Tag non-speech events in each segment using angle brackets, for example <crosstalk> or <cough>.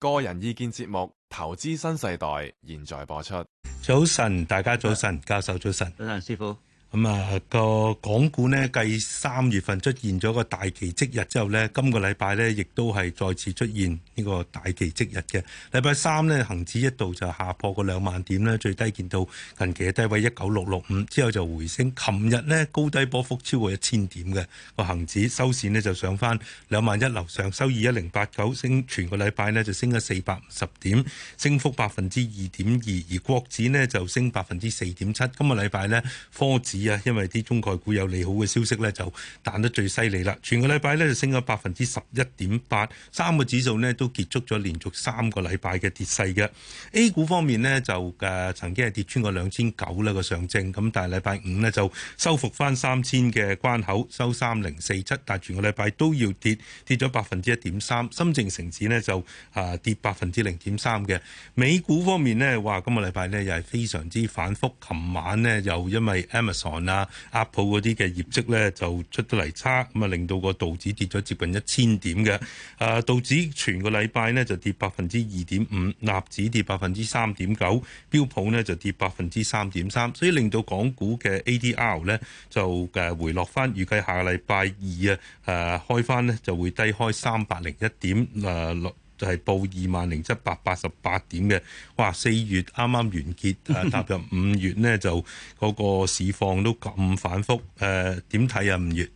個人意見節目《投資新世代》現在播出。早晨，大家早晨，教授早晨，早晨，師傅。咁啊個港股咧繼三月份出現咗個大奇蹟日之後咧，今個禮拜咧亦都係再次出現呢個大奇蹟日嘅。禮拜三咧恒指一度就下破個兩萬點咧，最低見到近期嘅低位一九六六五，之後就回升。琴日咧高低波幅超過一千點嘅個恒指收線咧就上翻兩萬一樓上收二一零八九，升全個禮拜咧就升咗四百五十點，升幅百分之二點二，而國指咧就升百分之四點七。今個禮拜咧科指啊！因為啲中概股有利好嘅消息咧，就彈得最犀利啦。全個禮拜咧就升咗百分之十一點八，三個指數咧都結束咗連續三個禮拜嘅跌勢嘅。A 股方面咧就誒曾經係跌穿過兩千九啦個上證，咁但係禮拜五咧就收復返三千嘅關口，收三零四七，但係全個禮拜都要跌跌咗百分之一點三。深證成指咧就啊跌百分之零點三嘅。美股方面咧話，今個禮拜咧又係非常之反覆，琴晚咧又因為 Amazon。行啊 Apple 嗰啲嘅業績呢就出得嚟差，咁啊令到個道指跌咗接近一千點嘅。啊道指全個禮拜呢就跌百分之二點五，納指跌百分之三點九，標普呢就跌百分之三點三，所以令到港股嘅 ADR 呢就誒回落翻，預計下個禮拜二啊誒開翻呢就會低開三百零一點誒落。啊就係報二萬零七百八十八點嘅，哇！四月啱啱完結，啊、踏入五月呢，就嗰個市況都咁反覆，誒點睇啊？五月，啊，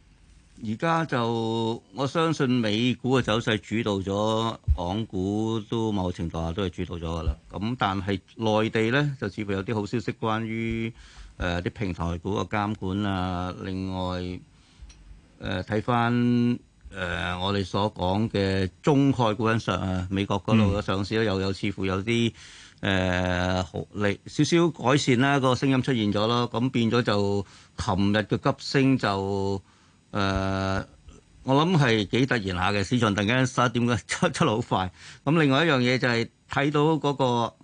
而家就我相信美股嘅走勢主導咗港股都某程度下都係主導咗噶啦，咁但係內地呢，就似乎有啲好消息關於誒啲、呃、平台股嘅監管啊，另外誒睇翻。呃誒、呃，我哋所講嘅中概股上，美國嗰度嘅上市咧，嗯、又有似乎有啲誒好力少少改善啦，個聲音出現咗咯。咁變咗就琴日嘅急升就誒、呃，我諗係幾突然下嘅，市場突然間十一點嘅出出嚟好快。咁另外一樣嘢就係、是、睇到嗰、個。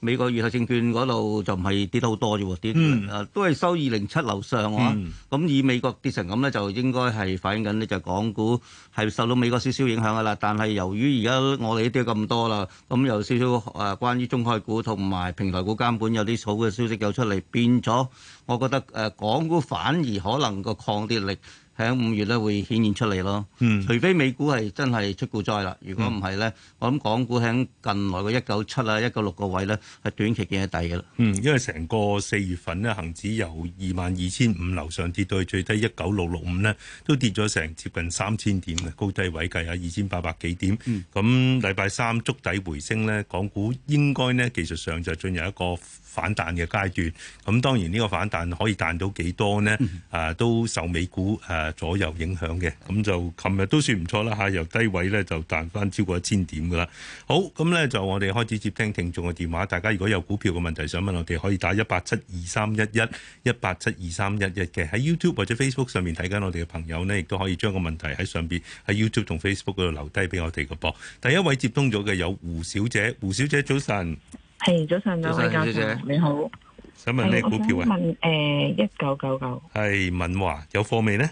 美國越秀證券嗰度就唔係跌得好多啫，跌啊都係收二零七樓上啊，咁、嗯、以美國跌成咁咧，就應該係反映緊呢就港股係受到美國少少影響嘅啦。但係由於而家我哋呢啲咁多啦，咁有少少誒關於中概股同埋平台股監管有啲好嘅消息又出嚟，變咗，我覺得誒港股反而可能個抗跌力喺五月咧會顯現出嚟咯，除非、嗯、美股係真係出股災啦。如果唔係咧，我諗港股喺近來嘅一九七啊、一九六個位咧，係短期見底嘅啦。嗯，因為成個四月份呢，恒指由二萬二千五樓上跌到去最低一九六六五呢，都跌咗成接近三千點嘅高低位計啊，二千八百幾點。咁禮拜三觸底回升呢，港股應該呢技術上就進入一個反彈嘅階段。咁當然呢個反彈可以彈到幾多呢？啊，都受美股誒，啊左右影響嘅，咁就琴日都算唔錯啦嚇，由低位咧就彈翻超過一千點噶啦。好，咁咧就我哋開始接聽聽眾嘅電話，大家如果有股票嘅問題想問我哋，可以打一八七二三一一一八七二三一一嘅。喺 YouTube 或者 Facebook 上面睇緊我哋嘅朋友呢，亦都可以將個問題喺上邊喺 YouTube 同 Facebook 度留低俾我哋嘅噃。第一位接通咗嘅有胡小姐，胡小姐早晨，係早晨，你好，小姐你好，想問咩股票啊？問誒一九九九，係、呃、敏華有貨未咧？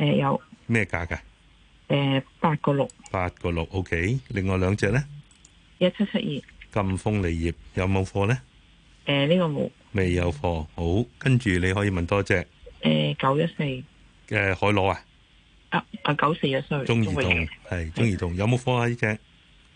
誒，有咩價㗎？誒，八個六。八個六，OK。另外兩隻咧？一七七二。贛鋒鋰業有冇貨咧？誒，呢個冇。未有貨，好。跟住你可以問多隻。誒，九一四。誒，海螺啊？啊啊，九四一四。中移動係中移動有冇貨啊？呢隻？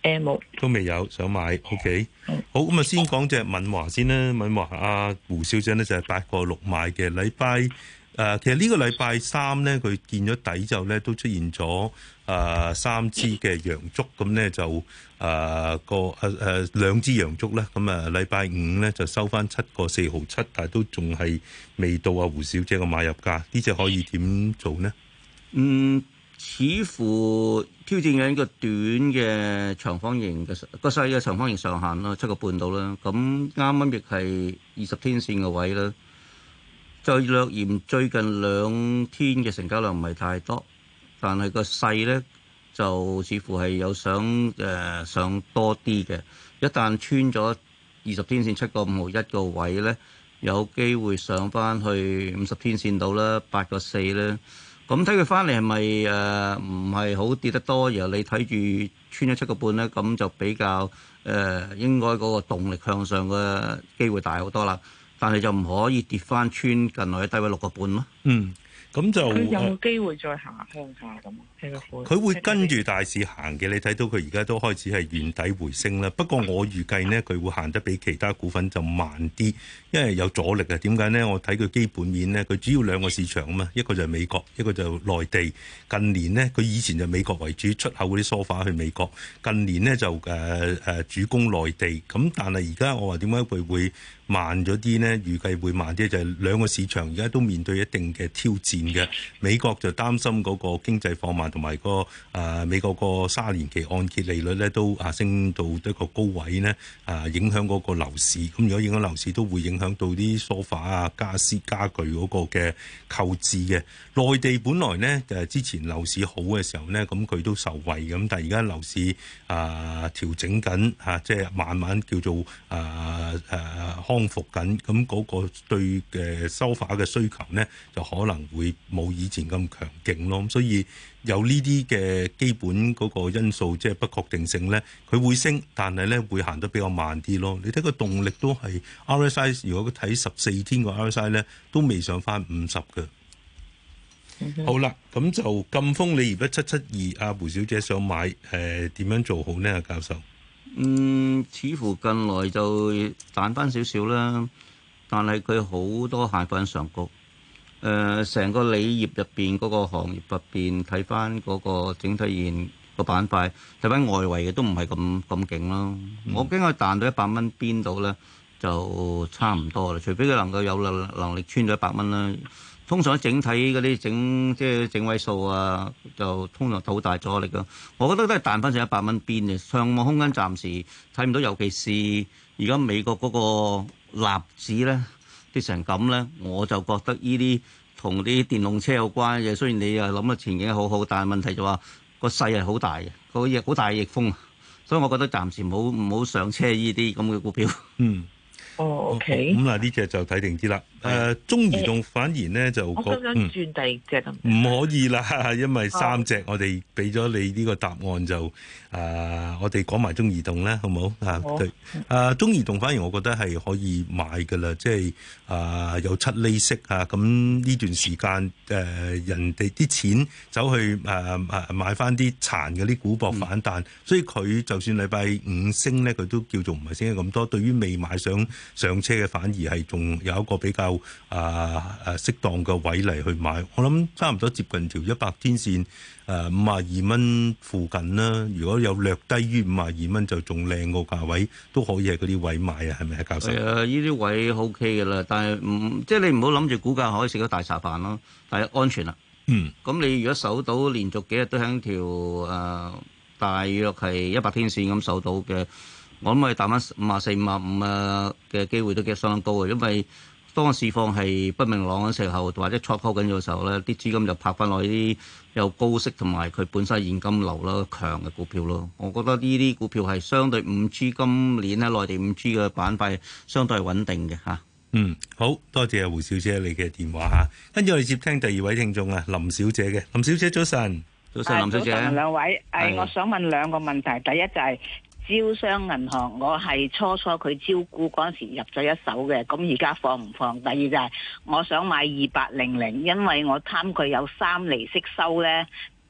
誒，冇。都未有，想買，OK。好，咁啊，先講隻敏華先啦。敏華阿胡小姐咧就係八個六買嘅，禮拜。誒、呃，其實個呢個禮拜三咧，佢見咗底後咧，都出現咗誒、呃、三支嘅陽燭。咁咧就誒、呃、個誒誒、呃、兩支陽燭啦。咁、嗯、啊，禮拜五咧就收翻七個四毫七，但係都仲係未到啊胡小姐嘅買入價。呢隻可以點做呢？嗯，似乎挑戰緊一個短嘅長方形嘅個細嘅長方形上限啦，七個半度啦。咁啱啱亦係二十天線嘅位啦。再略言，最近兩天嘅成交量唔係太多，但係個勢咧就似乎係有想誒上、呃、多啲嘅。一旦穿咗二十天線七個五毫一個位咧，有機會上翻去五十天線度啦，八個四咧。咁睇佢翻嚟係咪誒唔係好跌得多？然後你睇住穿咗七個半咧，咁就比較誒、呃、應該嗰個動力向上嘅機會大好多啦。但係就唔可以跌翻穿近來低位六個半囉。嗯，咁就佢有機會再行下降下咁。佢會跟住大市行嘅，你睇到佢而家都開始係圓底回升啦。不過我預計呢，佢會行得比其他股份就慢啲，因為有阻力嘅。點解呢？我睇佢基本面呢，佢主要兩個市場啊嘛，一個就係美國，一個就內地。近年呢，佢以前就美國為主出口嗰啲梳化去美國，近年呢就誒誒、呃呃、主攻內地。咁但係而家我話點解佢會慢咗啲呢？預計會慢啲，就係、是、兩個市場而家都面對一定嘅挑戰嘅。美國就擔心嗰個經濟放慢。同埋個誒美國個三十年期按揭利率咧都啊升到一個高位咧，啊影響嗰個樓市。咁、嗯、如果影響樓市，都會影響到啲梳化啊、傢俬傢俱嗰個嘅購置嘅。內地本來咧就係之前樓市好嘅時候咧，咁佢都受惠咁，但係而家樓市啊調整緊啊，即係慢慢叫做啊誒、啊、康復緊。咁、嗯、嗰、那個對嘅梳化嘅需求咧，就可能會冇以前咁強勁咯。咁所以。有呢啲嘅基本嗰個因素，即、就、係、是、不確定性咧，佢會升，但係咧會行得比較慢啲咯。你睇個動力都係 RSI，如果佢睇十四天個 RSI 咧，都未上翻五十嘅。Okay. 好啦，咁就咁風，你而家七七二阿胡小姐想買，誒、呃、點樣做好呢？咧？教授，嗯，似乎近來就彈翻少少啦，但係佢好多限翻上高。誒，成、呃、個鋰業入邊嗰個行業入邊，睇翻嗰個整體現個板塊，睇翻外圍嘅都唔係咁咁勁咯。嗯、我驚佢彈到一百蚊邊度咧，就差唔多啦。除非佢能夠有能力穿咗一百蚊啦。通常整體嗰啲整即係整位數啊，就通常好大阻力咯。我覺得都係彈翻成一百蚊邊嘅上網空間，暫時睇唔到，尤其是而家美國嗰個納指咧。跌成咁咧，我就覺得依啲同啲電動車有關嘅。雖然你又諗嘅前景好好，但係問題就話、是、個勢係好大嘅，嗰個好大逆風。所以，我覺得暫時唔好上車依啲咁嘅股票。嗯。哦、oh,，OK，咁嗱呢隻就睇定啲啦。誒、呃，中移動反而咧、欸、就我想，想轉第二隻咁，唔、嗯、可以啦，因為三隻我哋俾咗你呢個答案就誒、oh. 啊，我哋講埋中移動咧，好冇、oh. 啊？對，誒，中移動反而我覺得係可以買噶啦，即係啊，有七厘息啊，咁呢段時間誒、啊，人哋啲錢走去誒誒、啊、買翻啲殘嘅啲股博反彈，嗯、所以佢就算禮拜五升咧，佢都叫做唔係升得咁多。對於未買上上車嘅反而係仲有一個比較啊啊適當嘅位嚟去買，我諗差唔多接近條一百天線，誒五十二蚊附近啦。如果有略低於五十二蚊，就仲靚個價位都可以喺嗰啲位買啊，係咪啊，教授？係啊、哎，呢啲位 OK 㗎啦，但係唔、嗯、即係你唔好諗住股價可以食到大茶飯咯，但係安全啦。嗯，咁你如果守到連續幾日都喺條誒、啊、大約係一百天線咁守到嘅。我諗打翻五啊四五啊五啊嘅機會都幾相當高嘅，因為當個市況係不明朗嘅時候，或者撮購緊嘅時候咧，啲資金就拍翻落啲有高息同埋佢本身現金流咯強嘅股票咯。我覺得呢啲股票係相對五 G 今年喺內地五 G 嘅板塊相對係穩定嘅嚇。嗯，好多謝阿胡小姐你嘅電話嚇，跟住我哋接聽第二位聽眾啊，林小姐嘅。林小姐早晨，早晨林小姐。兩位，誒，我想問兩個問題，第一就係。招商銀行我係初初佢招股嗰陣時入咗一手嘅，咁而家放唔放？第二就係、是、我想買二八零零，因為我貪佢有三厘息收呢，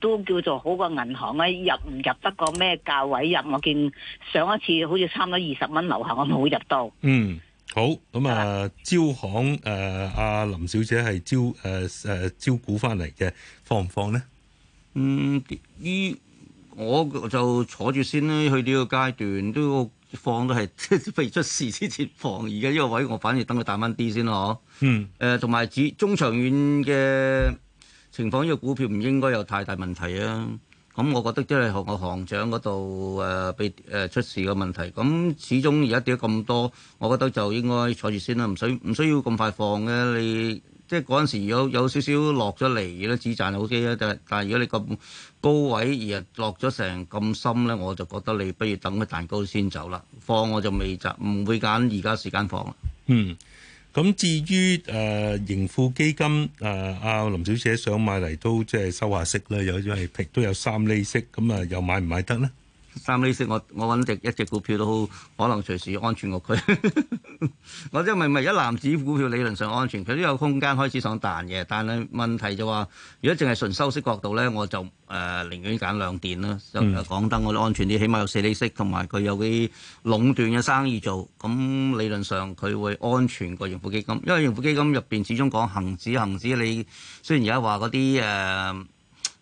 都叫做好過銀行啊！入唔入得個咩價位入？我見上一次好似差唔多二十蚊樓下，我冇入到。嗯，好咁啊！招行誒，阿、呃、林小姐係招誒誒、呃、招股翻嚟嘅，放唔放呢？嗯，于。我就坐住先啦，去呢個階段都放都係未出事之前放。而家呢個位我反而等佢彈翻啲先咯，嗯。誒、呃，同埋指中長遠嘅情況，呢、呢個股票唔應該有太大問題啊。咁、嗯、我覺得都係學我行長嗰度誒被誒、呃、出事嘅問題。咁、嗯、始終而家跌咗咁多，我覺得就應該坐住先啦，唔使唔需要咁快放嘅你。即係嗰陣時有有少少落咗嚟啦，止賺好機啦。但係但係如果你咁高位而落咗成咁深咧，我就覺得你不如等個蛋糕先走啦。放我就未集，唔會揀而家時間放啦。嗯，咁至於誒盈富基金誒阿、呃、林小姐想買嚟都即係收下息啦，有種係都有三厘息，咁啊又買唔買得咧？三厘息，我我揾隻一隻股票都好，可能隨時安全過佢。 <laughs> 我因為咪一籃子股票理論上安全，佢都有空間開始上彈嘅。但係問題就話，如果淨係純收息角度咧，我就誒寧願揀兩電啦，就係講得，我哋安全啲，起碼有四厘息，同埋佢有啲壟斷嘅生意做。咁理論上佢會安全過盈富基金，因為盈富基金入邊始終講恆指恆指。恒指你雖然而家話嗰啲誒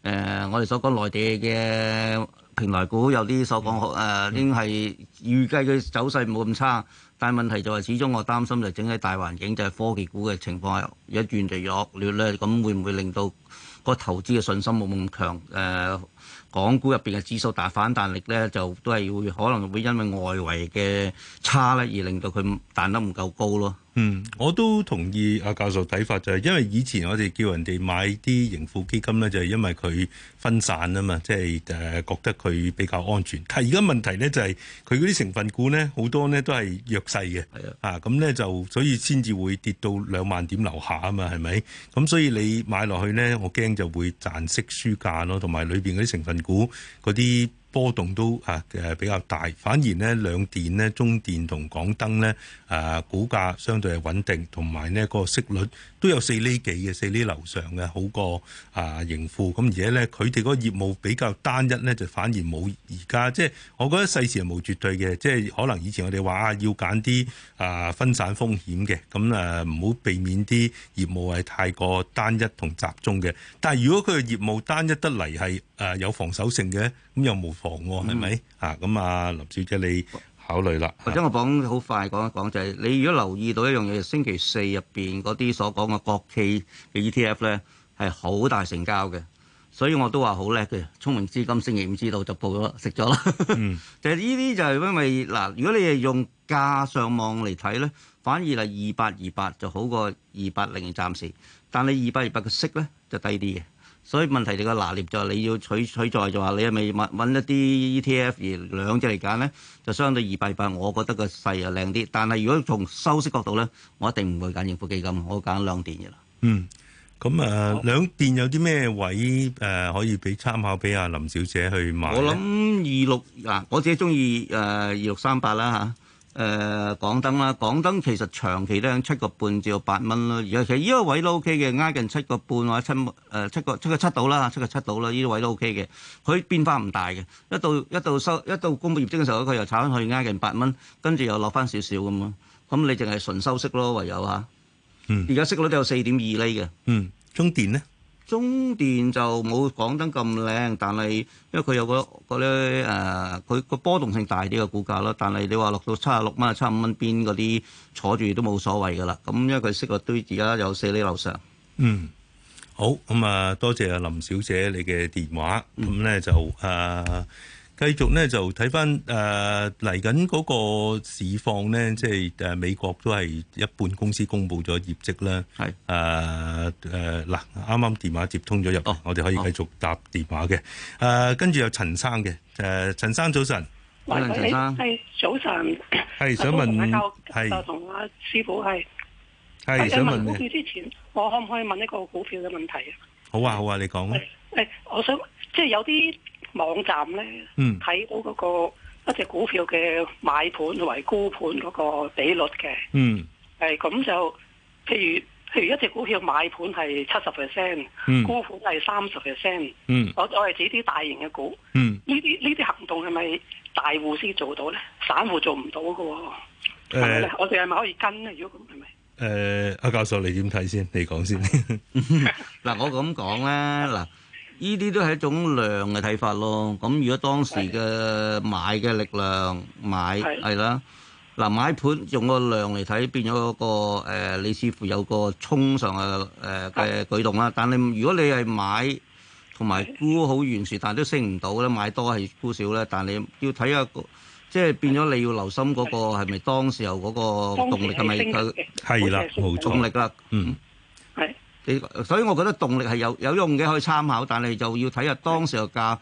誒，我哋所講內地嘅。平台股有啲受降，誒、呃、已經係預計佢走勢冇咁差，但係問題就係始終我擔心就整體大環境就係、是、科技股嘅情況係一越嚟越惡劣咧，咁會唔會令到個投資嘅信心冇咁強？誒、呃，港股入邊嘅指數大反彈力咧，就都係會可能會因為外圍嘅差咧，而令到佢彈得唔夠高咯。嗯，我都同意阿教授睇法就係，因為以前我哋叫人哋買啲盈富基金咧，就係、因為佢分散啊嘛，即係誒覺得佢比較安全。但係而家問題咧就係，佢嗰啲成分股咧好多咧都係弱勢嘅，係啊咁咧就所以先至會跌到兩萬點樓下啊嘛，係咪？咁所以你買落去咧，我驚就會賺息輸價咯，同埋裏邊嗰啲成分股嗰啲。波動都啊嘅比較大，反而呢兩電咧，中電同港燈呢，啊，股價相對係穩定，同埋呢個息率都有四厘幾嘅，四厘樓上嘅，好過啊盈富咁。而且呢，佢哋嗰個業務比較單一呢，就反而冇而家即係我覺得世事係冇絕對嘅，即係可能以前我哋話啊要揀啲啊分散風險嘅，咁啊唔好避免啲業務係太過單一同集中嘅。但係如果佢嘅業務單一得嚟係啊有防守性嘅。咁又無妨喎，係咪、嗯、啊？咁啊，林小姐你考慮啦。或者我講好快講一講，就係、是、你如果留意到一樣嘢，星期四入邊嗰啲所講嘅國企嘅 ETF 咧，係好大成交嘅，所以我都話好叻嘅，聰明資金星期五知道就報咗食咗啦。了了嗯、 <laughs> 就係呢啲就係因為嗱，如果你係用價上網嚟睇咧，反而係二八二八就好過二八零暫時，但你二八二八嘅息咧就低啲嘅。所以問題你個拿捏，就係你要取取在，就話你係咪揾揾一啲 ETF 而兩隻嚟揀咧，就相對二八八，我覺得個細又靚啲。但係如果從收息角度咧，我一定唔會揀盈富基金，我揀兩電嘅啦。嗯，咁啊，兩、呃、電好有啲咩位誒、呃、可以俾參考俾阿林小姐去買咧？我諗二六嗱，我自己中意誒二六三八啦嚇。啊。誒港燈啦，港燈其實長期都喺七個半至到八蚊咯。而家其實依個位都 OK 嘅，挨近七個半或者七誒、呃、七個七個七度啦，七個七度啦，依啲位都 OK 嘅。佢變化唔大嘅，一到一到收一到公布業績嘅時候，佢又炒翻去挨近八蚊，跟住又落翻少少咁咯。咁你淨係純收息咯，唯有嚇。嗯。而家息率都有四點二厘嘅。嗯。中電咧？中電就冇講得咁靚，但係因為佢有個嗰啲佢個，個、呃、波動性大啲嘅股價咯。但係你話落到七啊六蚊、七五蚊邊嗰啲坐住都冇所謂噶啦。咁因為佢息個堆字，而家有四釐樓上。嗯，好咁啊、嗯，多謝阿林小姐你嘅電話。咁、嗯、咧就誒。啊繼續咧就睇返誒嚟緊嗰個市況咧，即係誒美國都係一半公司公布咗業績啦。係誒誒嗱，啱啱電話接通咗入嚟，我哋可以繼續答電話嘅。誒跟住有陳生嘅誒，陳生早晨，陳生係早晨，係想問係同阿師傅係係想問股票之前，我可唔可以問一個股票嘅問題啊？好啊好啊，你講啊。誒，我想即係有啲。網站咧睇到嗰個一隻股票嘅買盤同埋沽盤嗰個比率嘅，誒咁就譬如譬如一隻股票買盤係七十 percent，沽盤係三十 percent，我我係指啲大型嘅股，呢啲呢啲行動係咪大戶先做到咧？散戶做唔到㗎，我哋係咪可以、uh, 跟咧、uh,？如果咁係咪？誒，阿教授你點睇先？你講先。嗱，我咁講啦，嗱。呢啲都係一種量嘅睇法咯。咁如果當時嘅買嘅力量買係啦，嗱買盤用個量嚟睇，變咗個誒，你似乎有個衝上嘅誒嘅舉動啦。但係你如果你係買同埋沽好懸殊，但係都升唔到咧，買多係沽少咧，但係你要睇下個，即係變咗你要留心嗰個係咪當時候嗰個動力係咪係啦，冇衝力啦，嗯。所以我覺得動力係有有用嘅可以參考，但係就要睇下當時個價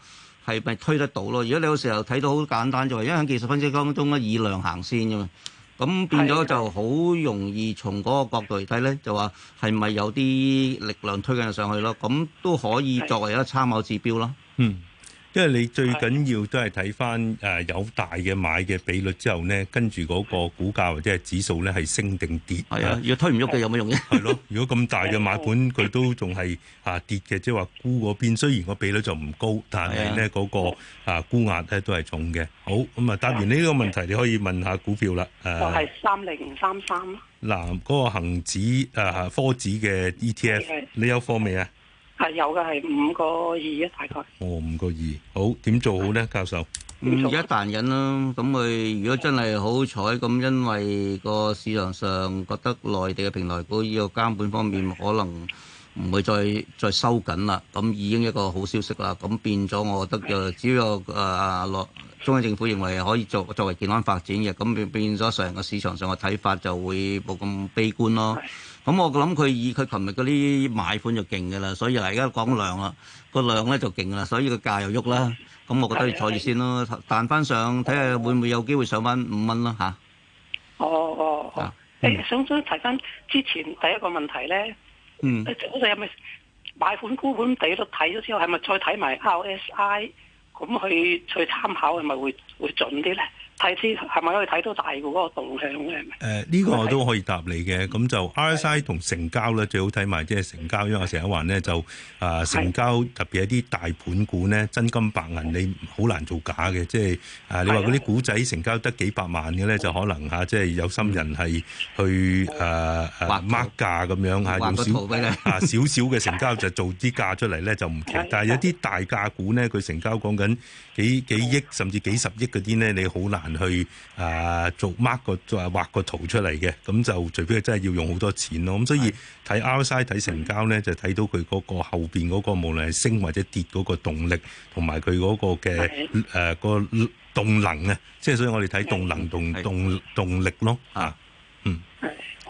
係咪推得到咯。如果你有時候睇到好簡單啫，就係、因為喺技術分析當中咧以量行先嘅嘛，咁變咗就好容易從嗰個角度嚟睇咧，就話係咪有啲力量推緊上去咯？咁都可以作為一個參考指標咯。嗯。因為你最緊要都係睇翻誒有大嘅買嘅比率之後咧，跟住嗰個股價或者係指數咧，係升定跌。係啊，如果推唔喐嘅有乜用啫？係咯，如果咁大嘅買盤佢都仲係啊跌嘅，即係話沽嗰邊雖然個比率就唔高，但係咧嗰個啊沽壓咧都係重嘅。好，咁啊答完呢個問題，你可以問下股票啦。就係三零三三啦。嗱、呃、嗰、嗰個恒指誒、呃、科指嘅 ETF，的你有貨未啊？係有嘅，係五個二啊，大概。哦，五個二。好點做好咧，教授？嗯，而家彈忍啦。咁佢如果真係好彩咁，因為個市場上覺得內地嘅平台股依個監管方面可能唔會再再收緊啦。咁已經一個好消息啦。咁變咗，我覺得就只要誒、啊、落中央政府認為可以作作為健康發展嘅，咁變變咗成個市場上嘅睇法就會冇咁悲觀咯。咁、嗯、我諗佢以佢琴日嗰啲買款就勁嘅啦，所以嚟而家講量啦，個量咧就勁啦，所以個價又喐啦。咁、嗯、我覺得要坐住先咯，彈翻上睇下會唔會有機會上翻五蚊啦吓？哦哦哦，誒、啊嗯、想想提翻之前第一個問題咧？嗯，你嗰陣係咪買款估本地都睇咗之後，係咪再睇埋 RSI 咁去再參考係咪會會準啲咧？睇先係咪可以睇到大嘅嗰個動向咧？誒，呢個我都可以答你嘅。咁就 RSI 同成交咧，最好睇埋即係成交。因為我成日話咧，就啊成交特別係啲大盤股咧，真金白銀你好難做假嘅。即係啊，你話嗰啲股仔成交得幾百萬嘅咧，就可能嚇即係有心人係去啊啊 mark 價咁樣嚇，少少嘅成交就做啲價出嚟咧就唔奇怪。但係有啲大價股咧，佢成交講緊幾幾億甚至幾十億嗰啲咧，你好難。去啊、呃，做 mark 個再畫個圖出嚟嘅，咁就除非真係要用好多錢咯。咁所以睇 RSI 睇成交咧，的就睇到佢嗰個後邊嗰個無論係升或者跌嗰個動力，同埋佢嗰個嘅誒的、呃那個動能啊，即係所以我哋睇動能的動動動力咯。吓，嗯，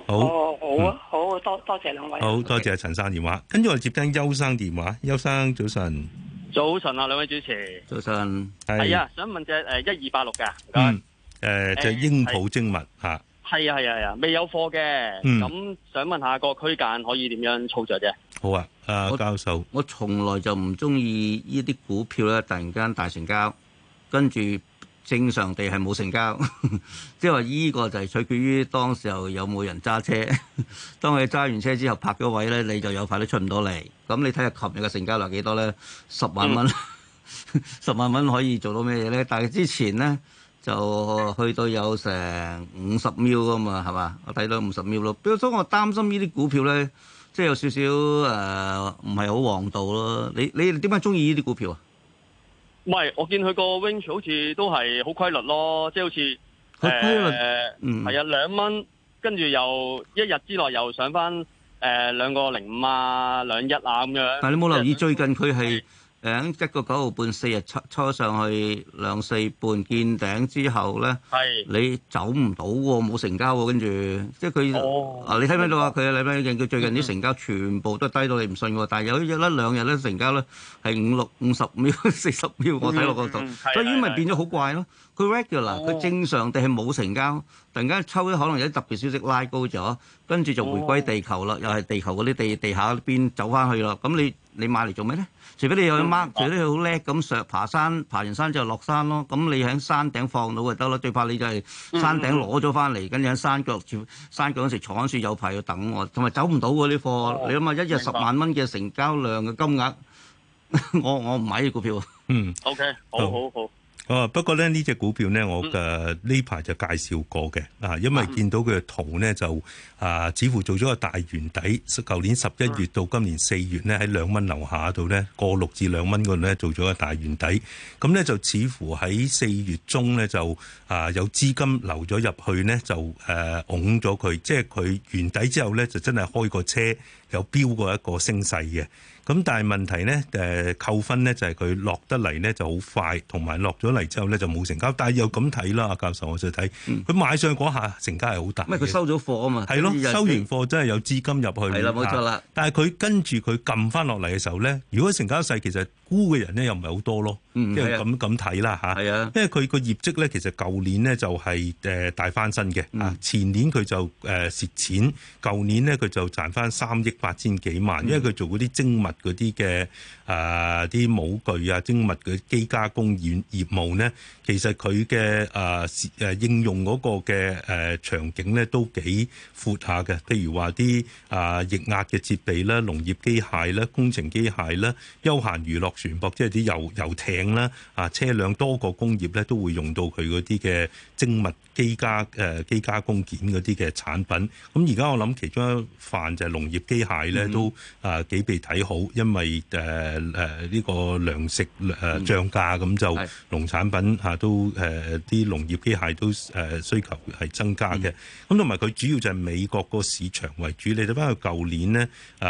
好，好啊，好多多謝兩位。好，好多謝陳生電話，跟住我哋接聽邱生電話。邱生早晨。早晨啊，兩位主持。早晨。係啊，想問隻誒一二八六嘅。呃、1, 2, 8, 謝謝嗯。誒、呃，隻、就是、英普精密吓。係、欸、啊係啊係啊，未有貨嘅。嗯。咁想問下個區間可以點樣操作啫？好啊，阿、呃、教授，我，我從來就唔中意呢啲股票咧，突然間大成交，跟住。正常地係冇成交，即係話依個就係取決於當時候有冇人揸車。 <laughs> 當你揸完車之後泊咗位咧，你就有塊都出唔到嚟。咁你睇下琴日嘅成交量幾多咧？十萬蚊， <laughs> 十萬蚊可以做到咩嘢咧？但係之前咧就去到有成五十秒㗎嘛，係嘛？我睇到五十秒咯。不過所以我擔心呢啲股票咧，即係有少少誒，唔係好黃道咯。你你點解中意呢啲股票啊？唔係，我見佢個 range 好似都係好規律咯，即係好似，係、呃、啊，兩蚊，跟、嗯、住又一日之內又上翻誒兩個零五啊，兩一啊咁樣。但係你冇留意最近佢係。誒，一個九號半四日抽抽咗上去兩四半見頂之後咧，係你走唔到喎，冇成交喎，跟住即係佢啊！你睇唔睇到啊？佢啊，你睇唔睇到？佢最近啲成交全部都低到你唔信喎，但係有有得兩日咧成交咧係五六五十秒四十秒，我睇落個圖，所以咁咪變咗好怪咯。佢 regular 噶啦，佢正常地係冇成交，突然間抽咧，可能有啲特別消息拉高咗，跟住就迴歸地球啦，又係地球嗰啲地地下邊走翻去啦。咁你你買嚟做咩咧？除非你又去 mark、嗯、除非佢好叻咁上爬山，爬完山之後就落山咯。咁你喺山頂放到就得啦。最怕你就係山頂攞咗翻嚟，跟住喺山腳樹山腳嗰時坐緊樹有排要等我。同埋走唔到喎啲貨，哦、你諗下一日十萬蚊嘅成交量嘅金額，白 <laughs> 我我唔買啲股票。嗯。OK，好好好。好好好。不過呢，呢隻股票呢，我嘅呢排就介紹過嘅，啊，因為見到佢嘅圖呢，就啊，似乎做咗個大圓底，舊年十一月到今年四月呢，喺兩蚊樓下度呢，過六至兩蚊嗰呢，做咗個大圓底，咁、嗯、呢，就似乎喺四月中呢，就啊有資金流咗入去呢，就誒拱咗佢，即係佢圓底之後呢，就真係開個車有飆過一個升勢嘅，咁、嗯、但係問題呢，誒、呃、扣分呢，就係佢落得嚟呢就好快，同埋落咗嚟。之後咧就冇成交，但係又咁睇啦，教授，我再睇佢買上去嗰下成交係好大。唔係佢收咗貨啊嘛？係咯，收完貨真係有資金入去，係啦，冇錯啦。但係佢跟住佢撳翻落嚟嘅時候咧，如果成交細，其實。污嘅人咧又唔係好多咯，即係咁咁睇啦嚇。因為佢個業績咧，其實舊年咧就係誒大翻新嘅，啊前年佢就誒蝕錢，舊年咧佢就賺翻三億八千幾萬，因為佢做嗰啲精密嗰啲嘅誒啲模具啊精密嘅機加工業業務咧，其實佢嘅誒誒應用嗰個嘅誒場景咧都幾闊下嘅，譬如話啲誒液壓嘅設備啦農業機械啦工程機械啦休閒娛樂。船舶，即係啲遊遊艇啦，啊，車輛多個工業咧，都會用到佢嗰啲嘅精密。機加誒、呃、機加工件嗰啲嘅產品，咁而家我諗其中一範就係農業機械咧，嗯、都啊幾被睇好，因為誒誒呢個糧食誒、呃嗯、漲價，咁就農產品啊都誒啲農業機械都誒、呃、需求係增加嘅。咁同埋佢主要就係美國個市場為主。你睇翻佢舊年呢，啊、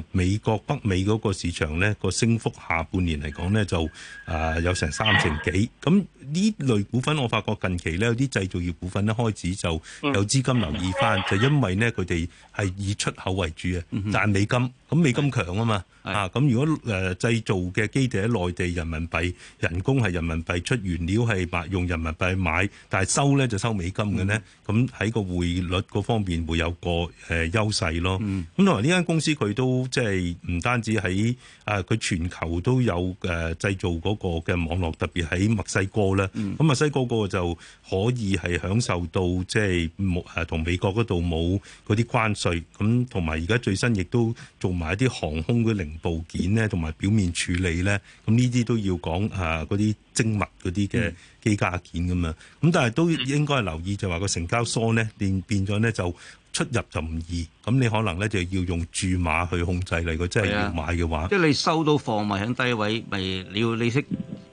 呃、美國北美嗰個市場咧，個升幅下半年嚟講咧就啊、呃、有成三成幾。咁呢類股份我發覺近期咧有啲製做業股份一開始就有資金留意返，mm hmm. 就因為呢佢哋係以出口為主啊，賺美金。咁美金強啊嘛，mm hmm. 啊咁如果誒、呃、製造嘅基地喺內地，人民幣人工係人民幣出原料係買用人民幣買，但係收咧就收美金嘅呢。咁喺、mm hmm. 個匯率嗰方面會有個誒、呃、優勢咯。咁、mm hmm. 同埋呢間公司佢都即係唔單止喺啊，佢、呃、全球都有誒、呃、製造嗰個嘅網絡，特別喺墨西哥咧。咁墨、mm hmm. 西哥個就可以。而係享受到即係冇誒同美國嗰度冇嗰啲關稅，咁同埋而家最新亦都做埋一啲航空嘅零部件咧，同埋表面處理咧，咁呢啲都要講誒嗰啲精密嗰啲嘅機加件噶嘛。咁但係都應該留意就，就話個成交疏咧變變咗咧就出入就唔易。咁你可能咧就要用注碼去控制嚟，佢真係要買嘅話，即係、啊就係、你收到貨咪喺低位咪你要你識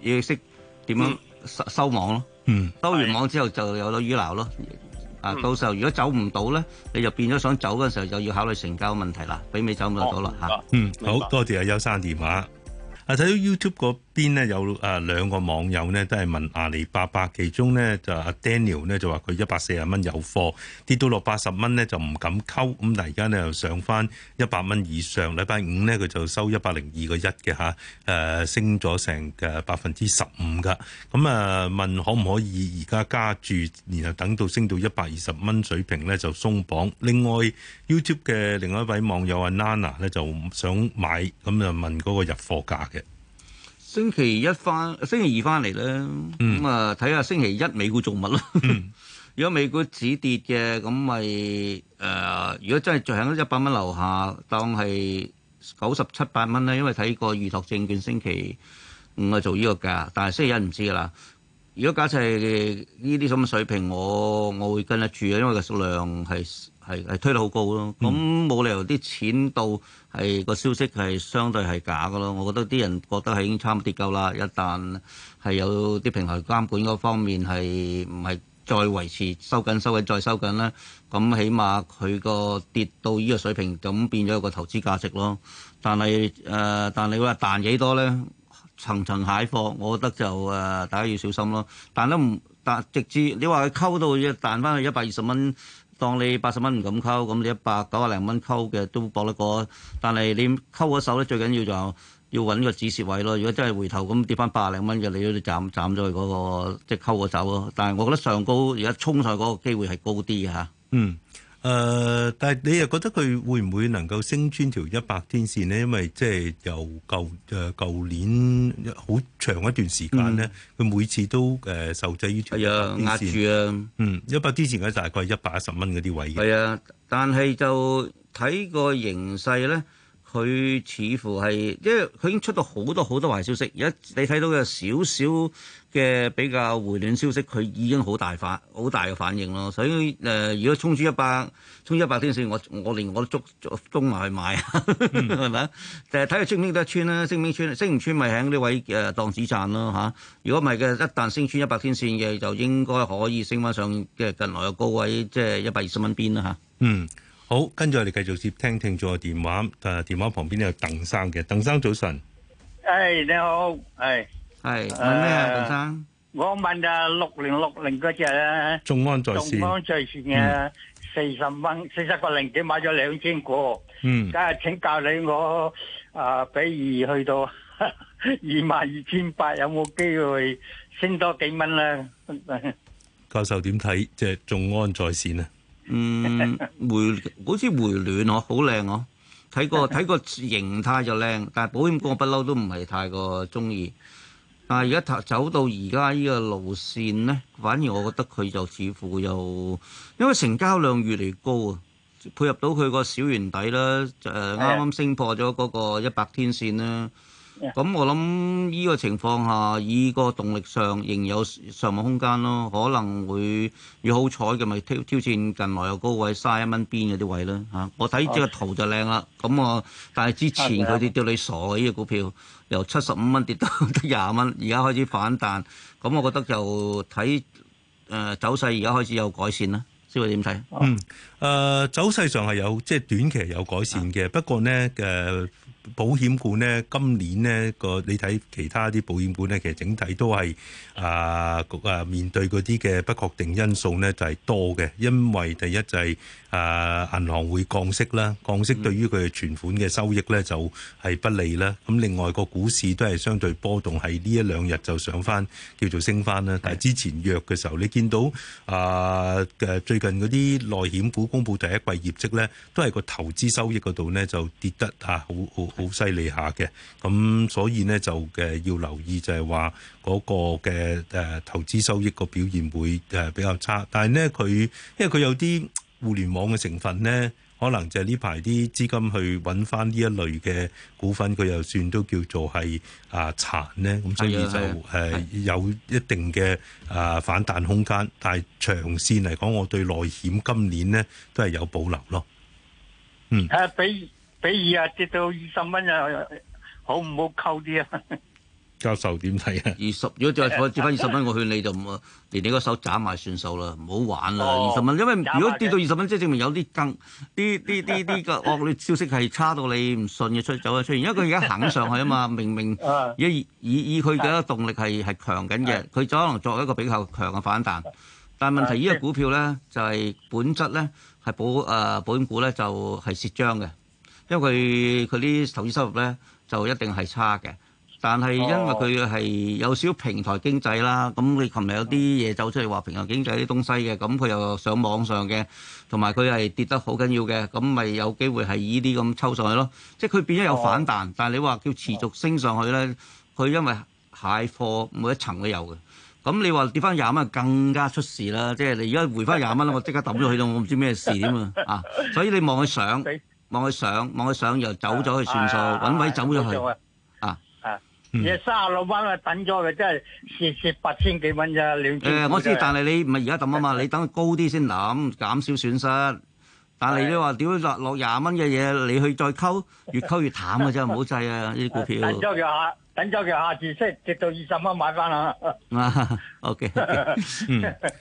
要識點樣收收網咯。嗯，收完網之後就有咗淤鬧咯，啊，到時候如果走唔到咧，嗯、你就變咗想走嗰陣時候就要考慮成交嘅問題啦，比美走唔到啦吓。哦、嗯，白好白多謝阿、啊、優生電話。啊，睇到 YouTube 嗰個。邊呢？有啊兩個網友呢都係問阿里巴巴，其中呢就阿 Daniel 呢就話佢一百四十蚊有貨，跌到落八十蚊呢就唔敢溝，咁但係而家呢又上翻一百蚊以上。禮拜五呢佢就收一百零二個一嘅，吓，誒，升咗成嘅百分之十五㗎。咁啊問可唔可以而家加注，然後等到升到一百二十蚊水平呢就鬆綁。另外 YouTube 嘅另外一位網友阿 Nana 呢就想買，咁就問嗰個入貨價嘅。星期一翻，星期二翻嚟咧。咁啊、嗯，睇下星期一美股做乜咯？ <laughs> 如果美股止跌嘅，咁咪誒。如果真係着喺一百蚊樓下，當係九十七八蚊咧，因為睇過預託證券星期五啊做呢個價，但係星期一唔知啦。如果假設係呢啲咁嘅水平，我我會跟得住啊，因為個數量係。係係推到好高咯，咁冇、嗯、理由啲錢到係個消息係相對係假嘅咯。我覺得啲人覺得係已經差唔多跌夠啦。一旦係有啲平台監管嗰方面係唔係再維持收緊收緊再收緊咧，咁起碼佢個跌到依個水平，咁變咗有個投資價值咯。但係誒、呃，但你話彈幾多咧？層層蟹貨，我覺得就誒、呃，大家要小心咯。但都唔但直至你話佢溝到要彈翻去一百二十蚊。當你八十蚊唔敢溝，咁你一百九啊零蚊溝嘅都搏得過。但係你溝嗰手咧，最緊要就要揾個止蝕位咯。如果真係回頭咁跌翻八啊零蚊嘅，你都斬斬咗佢嗰個即係溝嗰手咯。但係我覺得上高而家衝上嗰個機會係高啲嚇。啊、嗯。誒、呃，但係你又覺得佢會唔會能夠升穿條一百天線呢？因為即係由舊誒舊年好長一段時間咧，佢、嗯、每次都誒、呃、受制於條一百天線。係啊，壓住啊。嗯，一百天線大概一百一十蚊嗰啲位嘅。啊、哎，但係就睇個形勢咧，佢似乎係，因為佢已經出到好多好多壞消息。而家你睇到有少少嘅比較回暖消息，佢已經好大反，好大嘅反應咯。所以誒、呃，如果衝出一百，衝一百天線，我我連我都捉捉埋去買啊，係 <laughs> 咪、嗯？誒，睇下升唔升得穿啦，升唔升穿，升唔穿咪喺呢位誒當支撐咯嚇。如果唔係嘅，一旦升穿一百天線嘅，就應該可以升翻上即係近來嘅高位，即係一百二十蚊邊啦嚇。嗯，好，跟住我哋繼續接聽聽眾嘅電話，誒，電話旁邊咧有鄧生嘅，鄧生早晨。誒，hey, 你好，係。係問咩啊？陳生，我問啊六零六零嗰隻啊，眾安在線，眾安在線啊，四十蚊四十個零幾買咗兩千股，嗯，梗係請教你，我啊，比如去到二萬二千八，有冇機會升多幾蚊咧？教授點睇即係眾安在線啊？嗯，回好似回暖哦，好靚哦。睇過睇過形態就靚，但係保險股我不嬲都唔係太過中意。但係而家走到而家呢個路線咧，反而我覺得佢就似乎又因為成交量越嚟越高啊，配合到佢個小圓底啦，誒啱啱升破咗嗰個一百天線啦。咁 Yeah. 我諗呢個情況下，以個動力上，仍有上望空間咯。可能會要好彩嘅，咪挑挑戰近來有高位，嘥一蚊邊嗰啲位啦。嚇。我睇呢隻個圖就靚啦。咁啊，但係之前佢哋叫你傻嘅呢隻股票。由七十五蚊跌到得廿蚊，而家開始反彈，咁我覺得就睇誒、呃、走勢，而家開始有改善啦。師傅點睇？嗯，誒、呃、走勢上係有，即係短期有改善嘅，啊、不過咧誒。呃保險股呢，今年呢個你睇其他啲保險股呢，其實整體都係啊啊面對嗰啲嘅不確定因素呢，就係多嘅。因為第一就係啊銀行會降息啦，降息對於佢存款嘅收益呢就係不利啦。咁另外個股市都係相對波動，喺呢一兩日就上返叫做升返啦。但係之前弱嘅時候，你見到啊嘅最近嗰啲內險股公布第一季業績呢，都係個投資收益嗰度呢就跌得啊好好。好犀利下嘅，咁所以呢，就嘅要留意就係話嗰個嘅誒投資收益個表現會誒比較差，但係呢，佢因為佢有啲互聯網嘅成分呢，可能就係呢排啲資金去揾翻，呢一類嘅股份，佢又算都叫做係啊殘呢。咁所以就誒有一定嘅誒反彈空間，但係長線嚟講，我對內險今年呢都係有保留咯，嗯。誒、啊，比。俾二啊跌到二十蚊啊，好唔好扣啲啊？教授點睇啊？二十如果再跌翻二十蚊，我勸你就唔啊，連你你個手斬埋算數啦，唔好玩啦。二十蚊，因為如果跌到二十蚊，即係、嗯、證明有啲更啲啲啲啲嘅惡劣消息係差到你唔信嘅出，走咗出現。因為佢而家行上去啊嘛，明明以以以佢嘅動力係係強緊嘅，佢就、啊、可能作為一個比較強嘅反彈。但係問題呢隻股票咧，就係、是、本質咧係保誒、呃、保險股咧就係蝕張嘅。因為佢佢啲投資收入咧就一定係差嘅，但係因為佢係有少少平台經濟啦，咁你琴日有啲嘢走出嚟話平台經濟啲東西嘅，咁佢又上網上嘅，同埋佢係跌得好緊要嘅，咁咪有機會係依啲咁抽上去咯。即係佢變咗有反彈，oh. 但係你話叫持續升上去咧，佢因為蟹貨每一層都有嘅，咁你話跌翻廿蚊更加出事啦。即係你而家回翻廿蚊我即刻抌咗佢啦，我唔知咩事啊嘛啊！所以你望佢上。 <laughs> 望佢上，望佢上又走咗，去算數，搵、啊、位走咗去。啊啊！而家卅六蚊啊，等咗佢，真係蝕蝕八千幾蚊咋？你誒，我知，但係你唔係而家抌啊嘛， <laughs> 你等佢高啲先諗，減少損失。但係你話屌落廿蚊嘅嘢，你去再溝，越溝越淡嘅啫，唔好制啊！呢啲股票。等咗嘅下字，即係直到二十蚊買翻啦。O K，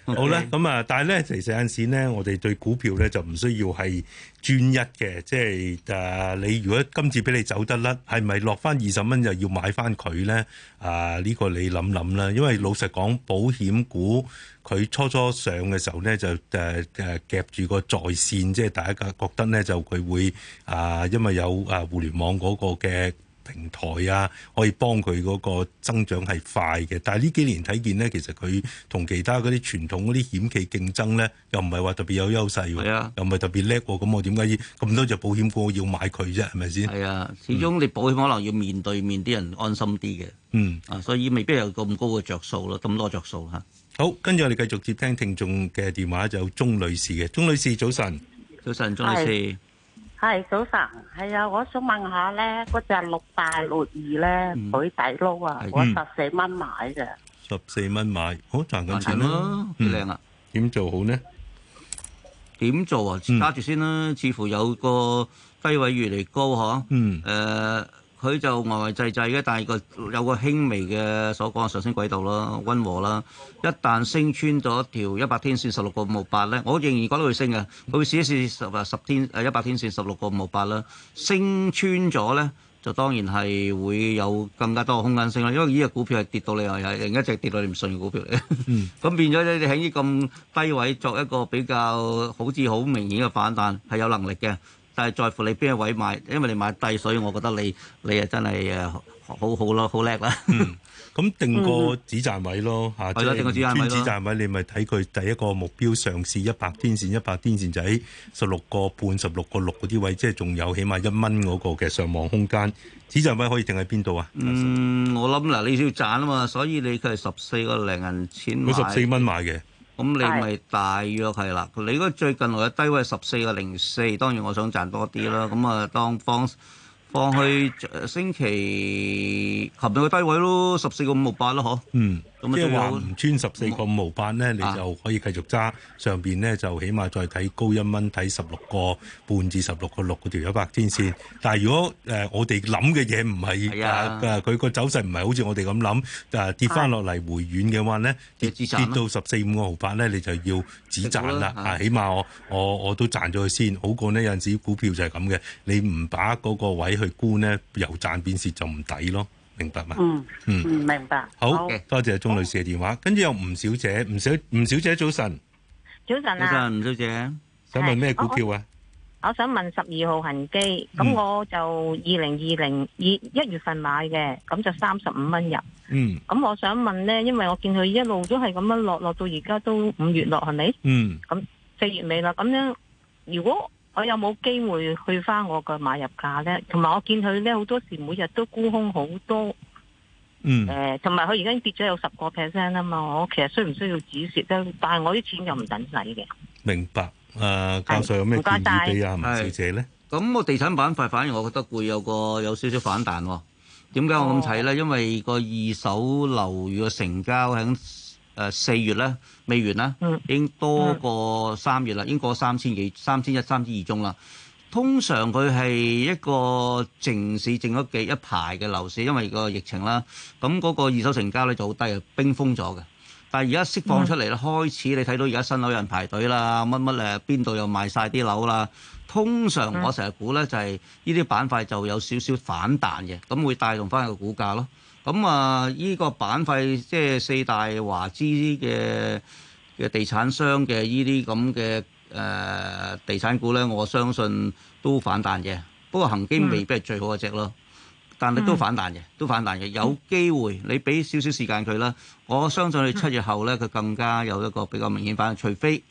好啦，咁啊，但係咧，其實有陣時咧，我哋對股票咧就唔需要係專一嘅，即係啊，你如果今次俾你走得甩，係咪落翻二十蚊就要買翻佢咧？啊、呃，呢、呢個你諗諗啦。因為老實講，保險股佢初初上嘅時候咧，就誒誒、呃、夾住個在線，即、就、係、是、大家覺得咧就佢會啊、呃，因為有啊互聯網嗰個嘅。平台啊，可以幫佢嗰個增長係快嘅，但係呢幾年睇見咧，其實佢同其他嗰啲傳統嗰啲險企競爭咧，又唔係話特別有優勢喎，係啊、又唔係特別叻喎，咁我點解咁多隻保險股要買佢啫？係咪先？係啊，始終你保險可能要面對面，啲人安心啲嘅，嗯啊，所以未必有咁高嘅着數咯，咁多着數嚇。好，跟住我哋繼續接聽聽眾嘅電話，就有鐘女士嘅，鐘女士早晨，早晨，鐘女士。係早晨，係啊！我想問下咧，嗰隻六八六二咧，海、嗯、底撈啊，我十四蚊買嘅，十四蚊買，好賺咁錢咯，幾靚啊！點、嗯、做好呢？點做啊？揸住先啦，嗯、似乎有個低位越嚟越高，嗬、啊，誒、嗯。呃佢就呆呆滯滯嘅，但係個有個輕微嘅所講嘅上升軌道啦，溫和啦。一旦升穿咗條一百天線十六個五毫八咧，我仍然覺得會升嘅。佢會試一試十啊十天啊一百天線十六個五毫八啦，升穿咗咧，就當然係會有更加多嘅空間性啦。因為呢隻股票係跌到你又係另一直跌到你唔信嘅股票嚟，嘅、嗯。咁 <laughs> 變咗你哋喺呢咁低位作一個比較好似好明顯嘅反彈係有能力嘅。但係在乎你邊一位買，因為你買低，所以我覺得你你啊真係誒好好咯，好叻啦。咁、 <laughs> 嗯、定個止賺位咯，下專止賺位，指位你咪睇佢第一個目標上市一百天線，一百天線仔，十六個半，十六個六嗰啲位，即係仲有起碼一蚊嗰個嘅上網空間。止賺位可以定喺邊度啊？啊嗯，我諗嗱，你要賺啊嘛，所以你佢係十四個零銀錢買，十四蚊買嘅。咁你咪大約係啦，你嗰最近來嘅低位十四個零四，當然我想賺多啲啦。咁啊，當放放去星期琴日嘅低位咯，十四個五六八咯，嗬。嗯。即係話唔穿十四個五毫八咧，啊、你就可以繼續揸上邊咧，就起碼再睇高一蚊，睇十六個半至十六個六個條一百天線。啊、但係如果誒、呃、我哋諗嘅嘢唔係啊佢個、呃、走勢唔係好似我哋咁諗啊跌翻落嚟回軟嘅話咧、啊，跌跌到十四五個毫八咧，你就要止賺啦。啊，啊起碼我我我都賺咗佢先，好過呢，有陣時股票就係咁嘅，你唔把嗰個位去沽咧，由賺變蝕就唔抵咯。明白嘛？嗯嗯，明白。好，多謝鍾女士嘅電話，跟住有吳小姐，吳小吳小姐早晨，早晨啊，早晨，吳小姐，想問咩股票啊？我想問十二號恒基，咁我就二零二零二一月份買嘅，咁就三十五蚊入。嗯，咁我想問呢，因為我見佢一路都係咁樣落，落到而家都五月落係咪？嗯，咁四月尾啦，咁樣如果。我有冇機會去返我個買入價咧？同埋我見佢咧好多時每日都沽空好多，嗯，誒、呃，同埋佢而家跌咗有十個 percent 啊嘛，我其實需唔需要止蝕咧？但係我啲錢又唔等使嘅。明白，誒、呃，教授是有咩建議俾阿謝小姐咧？咁個地產板塊反而我覺得會有個有少少反彈喎、哦？點解我咁睇咧？因為個二手樓嘅成交喺誒、呃、四月咧，未完啦，已經多過三月啦，嗯、已經過三千幾、三千一、三千二宗啦。通常佢係一個靜市靜咗嘅一排嘅樓市，因為個疫情啦，咁、那、嗰個二手成交咧就好低，冰封咗嘅。但係而家釋放出嚟啦，嗯、開始你睇到而家新樓有人排隊啦，乜乜誒，邊度又賣晒啲樓啦？通常我成日估咧就係呢啲板塊就有少少反彈嘅，咁會帶動翻個股價咯。咁啊！依、嗯，這個板塊即係四大華資嘅、嘅地產商嘅依啲咁嘅，誒地產股咧，我相信都反彈嘅。不過恒基未必係最好一隻咯，但係都反彈嘅，嗯、都反彈嘅。有機會你俾少少時間佢啦，我相信你七月後咧，佢更加有一個比較明顯反應。除非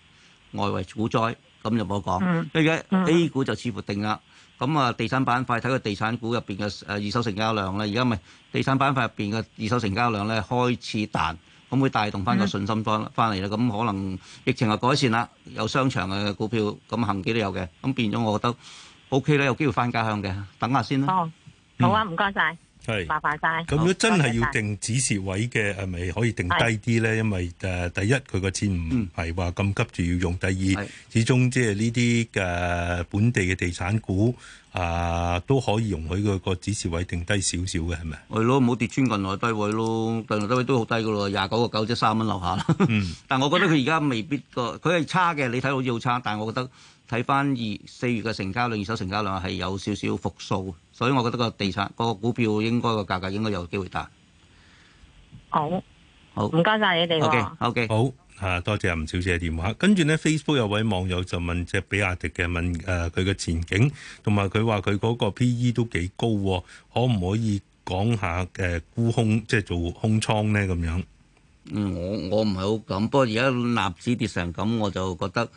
外圍股災，咁就冇講。而家，嗯嗯、A 股就似乎定啦。咁啊，地產板塊睇個地產股入邊嘅二手成交量咧，而家咪地產板塊入邊嘅二手成交量咧開始彈，咁會帶動翻個信心翻翻嚟啦。咁、嗯、可能疫情又改善啦，有商場嘅股票，咁恆基都有嘅，咁變咗，我覺得 OK 咧，有機會翻家鄉嘅，等下先啦、哦。好啊，唔該曬。嗯係，麻煩曬。咁如果真係要定止蝕位嘅，係咪可以定低啲咧？因為誒、呃、第一佢個錢唔係話咁急住要用，第二始終即係呢啲嘅本地嘅地產股啊、呃、都可以容許個個止蝕位定低少少嘅係咪？係咯，唔好跌穿個內低位咯，內低位都好低噶咯，廿九個九，即三蚊樓下啦。 <laughs> 但係我覺得佢而家未必個，佢係差嘅，你睇好似好差，但係我覺得。睇翻二四月嘅成交量、二手成交量係有少少復蘇，所以我覺得個地產、個股票應該個價格應該有機會大。好，好，唔該晒你哋。O K，O K，好啊，多謝吳小姐嘅電話。跟住咧，Facebook 有位網友就問隻，即係比亞迪嘅問誒佢嘅前景，同埋佢話佢嗰個 P E 都幾高，可唔可以講下嘅沽空，即係做空倉咧咁樣？嗯，我我唔係好敢，不過而家納指跌成咁，我就覺得。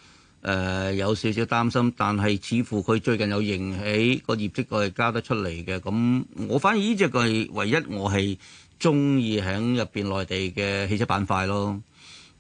誒、呃、有少少擔心，但係似乎佢最近有盈起、個業績，佢係交得出嚟嘅。咁我反而呢隻佢係唯一我係中意喺入邊內地嘅汽車板塊咯。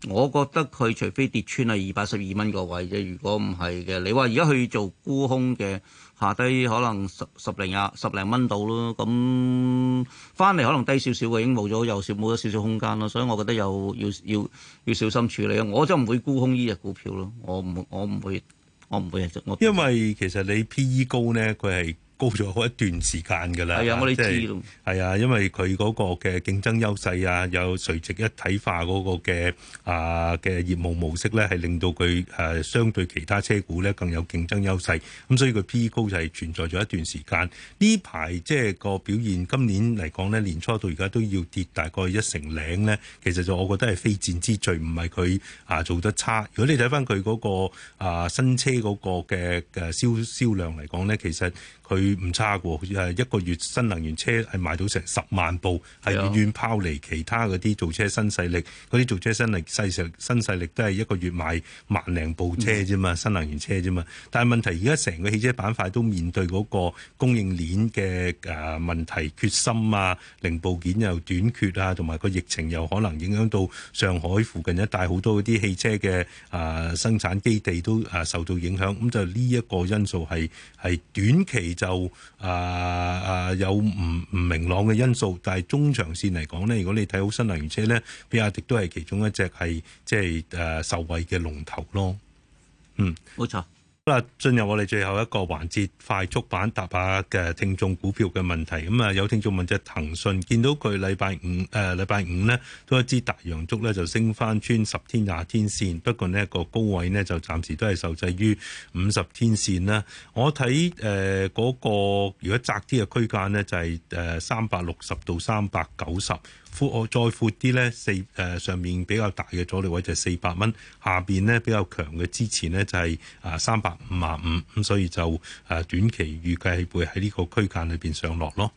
我覺得佢除非跌穿係二百十二蚊個位啫，如果唔係嘅，你話而家去做沽空嘅，下低可能十十零啊十零蚊度咯，咁翻嚟可能低少少嘅，已經冇咗有又少冇咗少少空間咯，所以我覺得又要要要，要小心處理啊！我就唔會沽空呢隻股票咯，我唔我唔會我唔會啊！我，我，我，我因為其實你 P E 高咧，佢係。高咗好一段時間嘅啦，係啊，我哋知咯。係啊，因為佢嗰個嘅競爭優勢啊，有垂直一體化嗰個嘅啊嘅業務模式咧，係令到佢誒、啊、相對其他車股咧更有競爭優勢，咁所以個 P 高就係存在咗一段時間。呢排即係個表現，今年嚟講咧，年初到而家都要跌大概一成零咧。其實就我覺得係非戰之罪，唔係佢啊做得差。如果你睇翻佢嗰個啊新車嗰個嘅嘅銷銷量嚟講咧，其實佢。唔差嘅，誒一個月新能源車係賣到成十萬部，係遠遠拋離其他嗰啲造車新勢力，嗰啲造車新力細上新勢力都係一個月賣萬零部車啫嘛，新能源車啫嘛。但係問題而家成個汽車板塊都面對嗰個供應鏈嘅誒問題決心啊，零部件又短缺啊，同埋個疫情又可能影響到上海附近一帶好多嗰啲汽車嘅誒生產基地都誒受到影響，咁就呢一個因素係係短期就。啊啊，有唔唔明朗嘅因素，但係中長線嚟講咧，如果你睇好新能源車咧，比亞迪都係其中一隻係即係誒受惠嘅龍頭咯。嗯，冇錯。嗱，進入我哋最後一個環節，快速版答下嘅聽眾股票嘅問題。咁、嗯、啊，有聽眾問隻騰訊，見到佢禮拜五誒，禮、呃、拜五咧都一支大陽燭咧就升翻穿十天廿天線，不過呢個高位呢，就暫時都係受制於五十天線啦。我睇誒嗰個如果窄啲嘅區間呢，就係誒三百六十到三百九十。闊再闊啲咧，四誒上面比較大嘅阻力位就係四百蚊，下邊咧比較強嘅支持咧就係啊三百五萬五，咁所以就誒短期預計會喺呢個區間裏邊上落咯。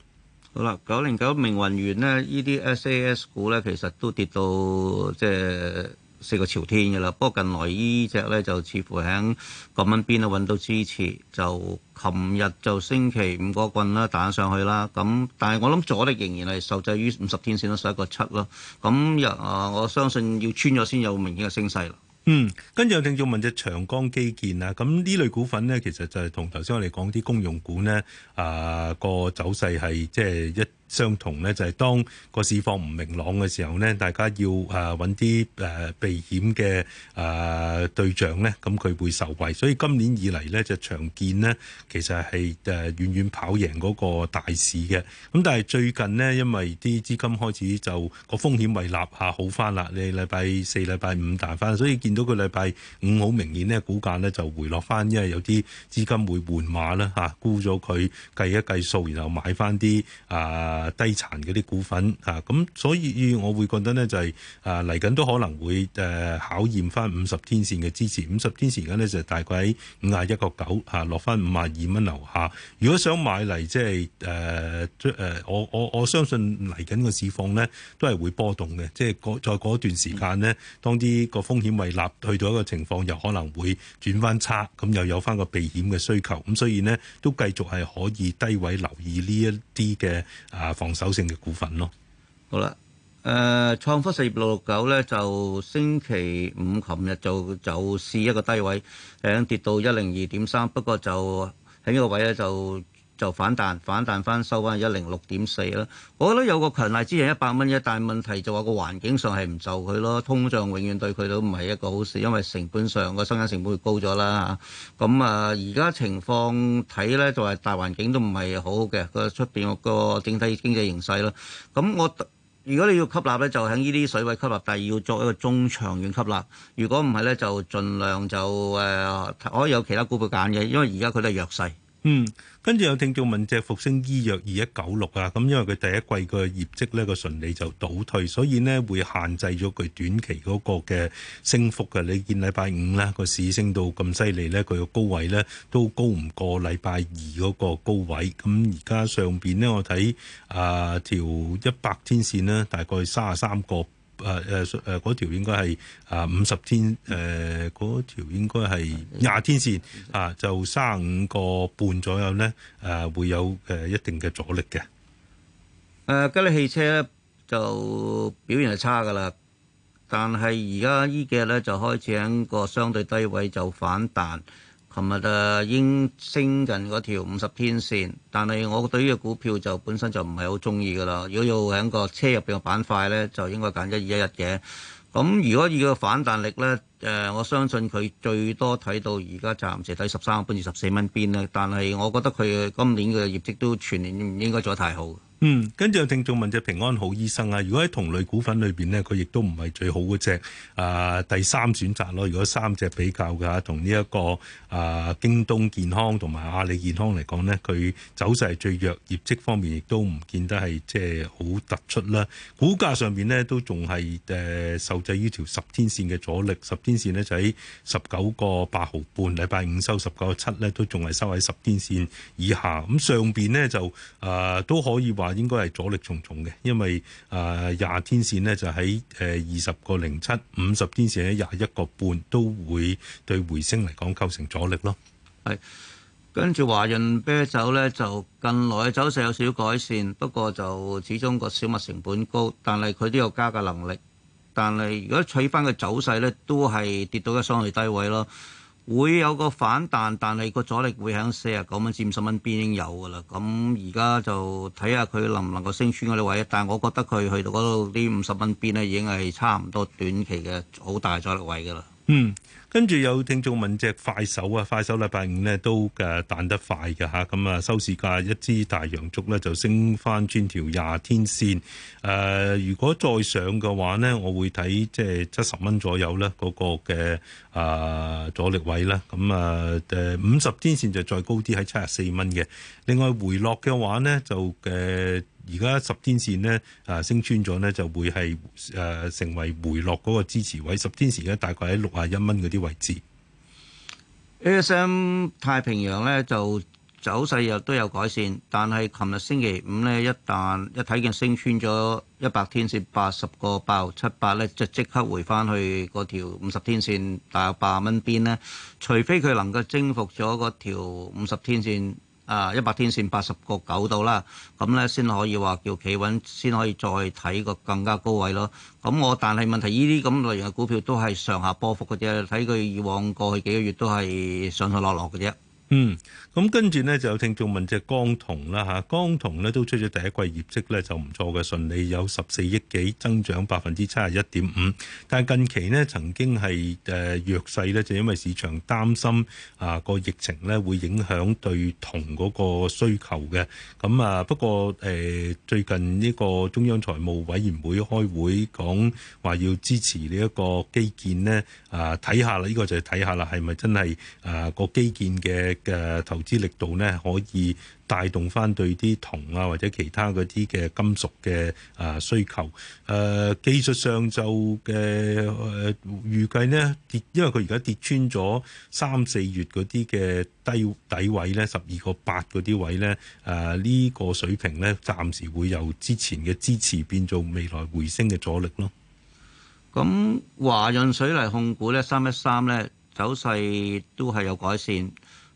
好啦，九零九明雲園呢，呢啲 SAS 股咧，其實都跌到即係。四個朝天嘅啦，不過近來呢隻咧就似乎喺九蚊邊咧揾到支持，就琴日就星期五個棍啦打上去啦，咁但係我諗阻力仍然係受制於五十天線啦，十一個七咯，咁又啊我相信要穿咗先有明顯嘅升勢啦。嗯，跟住有聽眾要問隻長江基建啊，咁呢類股份咧其實就係同頭先我哋講啲公用股咧啊個走勢係即係一。相同咧就係當個市況唔明朗嘅時候咧，大家要誒揾啲誒避險嘅誒對象咧，咁佢會受惠。所以今年以嚟咧就常見咧，其實係誒遠遠跑贏嗰個大市嘅。咁但係最近呢，因為啲資金開始就個風險位立下好翻啦，你禮拜四、禮拜五彈翻，所以見到個禮拜五好明顯咧，股價咧就回落翻，因為有啲資金會換馬啦嚇，沽咗佢計一計數，然後買翻啲啊。呃殘啊，低殘嗰啲股份啊，咁所以我會覺得呢就係、是、啊嚟緊都可能會誒、啊、考驗翻五十天線嘅支持，五十天線而家呢，就是、大概喺五十一個九嚇落翻五十二蚊樓下。如果想買嚟，即係誒，誒、啊，我我我相信嚟緊個市況呢，都係會波動嘅，即、就、係、是、過再過一段時間呢，當啲個風險胃納去到一個情況，又可能會轉翻差，咁又有翻個避險嘅需求，咁、啊、所以呢，都繼續係可以低位留意呢一啲嘅啊。防守性嘅股份咯，好啦，誒、呃、創科實業六六九咧，就星期五琴日就就試一個低位，響、嗯、跌到一零二點三，不過就喺呢個位咧就。就反彈，反彈翻收翻一零六點四啦。我覺得有個強大支持一百蚊嘅，但係問題就話個環境上係唔就佢咯。通脹永遠對佢都唔係一個好事，因為成本上個生產成本高咗啦。咁啊，而、啊、家情況睇呢，就係、是、大環境都唔係好好嘅，佢出面個整體經濟形勢啦。咁、啊、我如果你要吸納呢，就喺呢啲水位吸納，但係要作一個中長遠吸納。如果唔係呢，就盡量就誒、啊、可以有其他股票揀嘅，因為而家佢都係弱勢。嗯，跟住有聽眾問隻復星醫藥二一九六啊，咁因為佢第一季嘅業績呢個順利就倒退，所以呢會限制咗佢短期嗰個嘅升幅嘅。你見禮拜五呢個市升到咁犀利呢，佢個高位呢都高唔過禮拜二嗰個高位。咁而家上邊呢，我睇啊條一百天線呢，大概三十三個。誒誒誒，嗰、呃、條應該係啊五十天誒，嗰、呃、條應該係廿天線啊，就三五個半左右咧，誒、呃、會有誒一定嘅阻力嘅。誒、呃、吉利汽車就表現係差㗎喇，但係而家依幾日咧就開始喺個相對低位就反彈。琴日啊，應升近嗰條五十天線，但係我對於呢隻股票就本身就唔係好中意噶啦。如果要喺個車入邊個板塊咧，就應該揀一二一一嘅。咁、嗯、如果以個反彈力咧，誒、呃，我相信佢最多睇到而家暫時睇十三個半至十四蚊邊啦。但係我覺得佢今年嘅業績都全年唔應該做得太好。嗯，跟住有聽眾問，隻平安好醫生啊，如果喺同類股份裏邊咧，佢亦都唔係最好嗰隻啊，第三選擇咯。如果三隻比較嘅話，同呢一個啊、呃，京東健康同埋阿里健康嚟講咧，佢走勢最弱，業績方面亦都唔見得係即係好突出啦。股價上邊咧都仲係誒受制於條十天線嘅阻力，十天線咧就喺十九個八毫半，禮拜五收十九個七咧都仲係收喺十天線以下。咁上邊咧就誒、呃、都可以話。應該係阻力重重嘅，因為誒廿、呃、天綫呢就喺誒二十個零七五十天綫喺廿一個半都會對回升嚟講構成阻力咯。係，跟住華潤啤酒呢，就近來嘅走勢有少少改善，不過就始終個小麥成本高，但係佢都有加價能力。但係如果取翻個走勢呢，都係跌到一相對低位咯。會有個反彈，但係個阻力會喺四十九蚊至五十蚊邊已經有㗎啦。咁而家就睇下佢能唔能夠升穿嗰啲位。但係我覺得佢去到嗰度啲五十蚊邊咧，已經係差唔多短期嘅好大阻力位㗎啦。嗯，跟住有聽眾問隻快手啊，快手禮拜五呢都，誒彈得快嘅吓，咁啊收市價一支大洋燭咧，就升翻穿條廿天線，誒、啊、如果再上嘅話呢，我會睇即係七十蚊左右啦嗰個嘅啊阻力位啦，咁啊誒五十天線就再高啲喺七十四蚊嘅，另外回落嘅話呢，就誒。啊而家十天線呢，啊，升穿咗呢就會係誒、啊、成為回落嗰個支持位。十天線咧，大概喺六十一蚊嗰啲位置。ASM 太平洋呢，就走勢又都有改善，但係琴日星期五呢，一旦一睇見升穿咗一百天線八十個爆七八呢，就即刻回翻去嗰條五十天線大約八十蚊邊呢，除非佢能夠征服咗嗰條五十天線。啊！一百天線八十個九度啦，咁咧先可以話叫企穩，先可以再睇個更加高位咯。咁我但係問題呢啲咁類型嘅股票都係上下波幅嘅啫，睇佢以往過去幾個月都係上上落落嘅啫。嗯，咁跟住呢，就有聽眾問隻江銅啦嚇，江銅呢都出咗第一季業績呢，就唔錯嘅，順利有十四億幾，增長百分之七十一點五。但近期呢，曾經係誒弱勢呢，就因為市場擔心啊個疫情呢，會影響對銅嗰個需求嘅。咁啊不過誒最近呢個中央財務委員會開會講話要支持呢一個基建呢。啊睇下啦，呢個就係睇下啦，係咪真係啊個基建嘅？嘅投資力度咧，可以帶動翻對啲銅啊，或者其他嗰啲嘅金屬嘅啊需求。誒、呃、技術上就嘅誒預計呢，跌，因為佢而家跌穿咗三四月嗰啲嘅低底位咧，十二個八嗰啲位咧，誒、呃、呢、這個水平咧，暫時會由之前嘅支持變做未來回升嘅阻力咯。咁華潤水泥控股咧三一三咧，走勢都係有改善。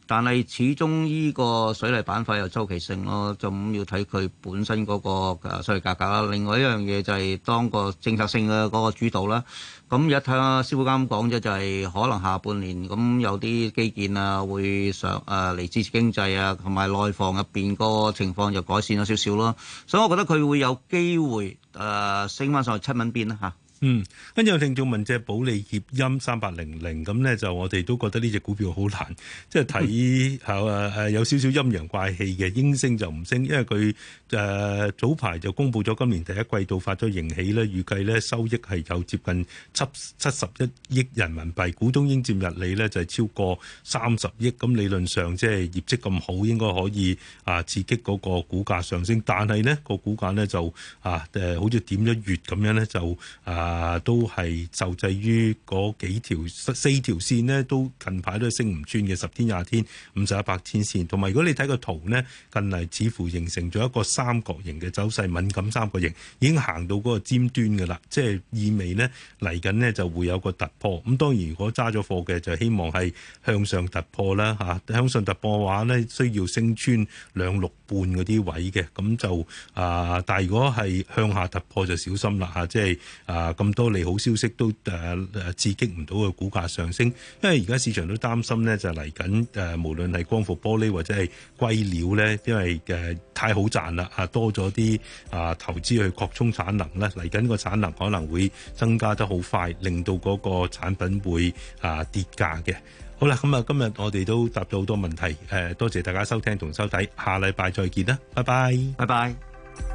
但係始終依個水泥板塊有周期性咯，就咁要睇佢本身嗰個誒水泥價格啦。另外一樣嘢就係當個政策性嘅嗰個主導啦。咁一睇啊，師傅啱講咗就係可能下半年咁有啲基建啊會上誒嚟支持經濟啊，同埋內房入邊個情況就改善咗少少咯。所以我覺得佢會有機會誒、呃、升翻上去七蚊邊啦嚇。嗯，跟住有聽眾問隻保利協鑫三八零零，咁呢，就我哋都覺得呢隻股票好難，即係睇吓誒誒有少少陰陽怪氣嘅，應升就唔升，因為佢誒、呃、早排就公布咗今年第一季度發咗盈喜呢，預計呢，收益係有接近七七十一億人民幣，股東應佔溢利呢就係、是、超過三十億，咁理論上即係業績咁好，應該可以啊、呃、刺激嗰個股價上升，但係呢、呢個股價呢，就啊誒好似點咗穴咁樣呢，就啊。啊，都係受制於嗰幾條四條線呢，都近排都係升唔穿嘅十天、廿天、五十、一百天線。同埋如果你睇個圖呢，近嚟似乎形成咗一個三角形嘅走勢，敏感三角形已經行到嗰個尖端㗎喇。即係意味呢嚟緊呢就會有個突破。咁當然如果揸咗貨嘅就希望係向上突破啦，嚇、啊、向上突破嘅話呢，需要升穿兩六半嗰啲位嘅，咁就啊。但係如果係向下突破就小心啦，嚇即係啊。咁多利好消息都誒誒、呃、刺激唔到個股價上升，因為而家市場都擔心咧就嚟緊誒，無論係光伏玻璃或者係硅料咧，因為誒、呃、太好賺啦，啊多咗啲啊投資去擴充產能咧，嚟緊個產能可能會增加得好快，令到嗰個產品會啊、呃、跌價嘅。好啦，咁啊今日我哋都答到好多問題，誒、呃、多謝大家收聽同收睇，下禮拜再見啦，拜拜，拜拜。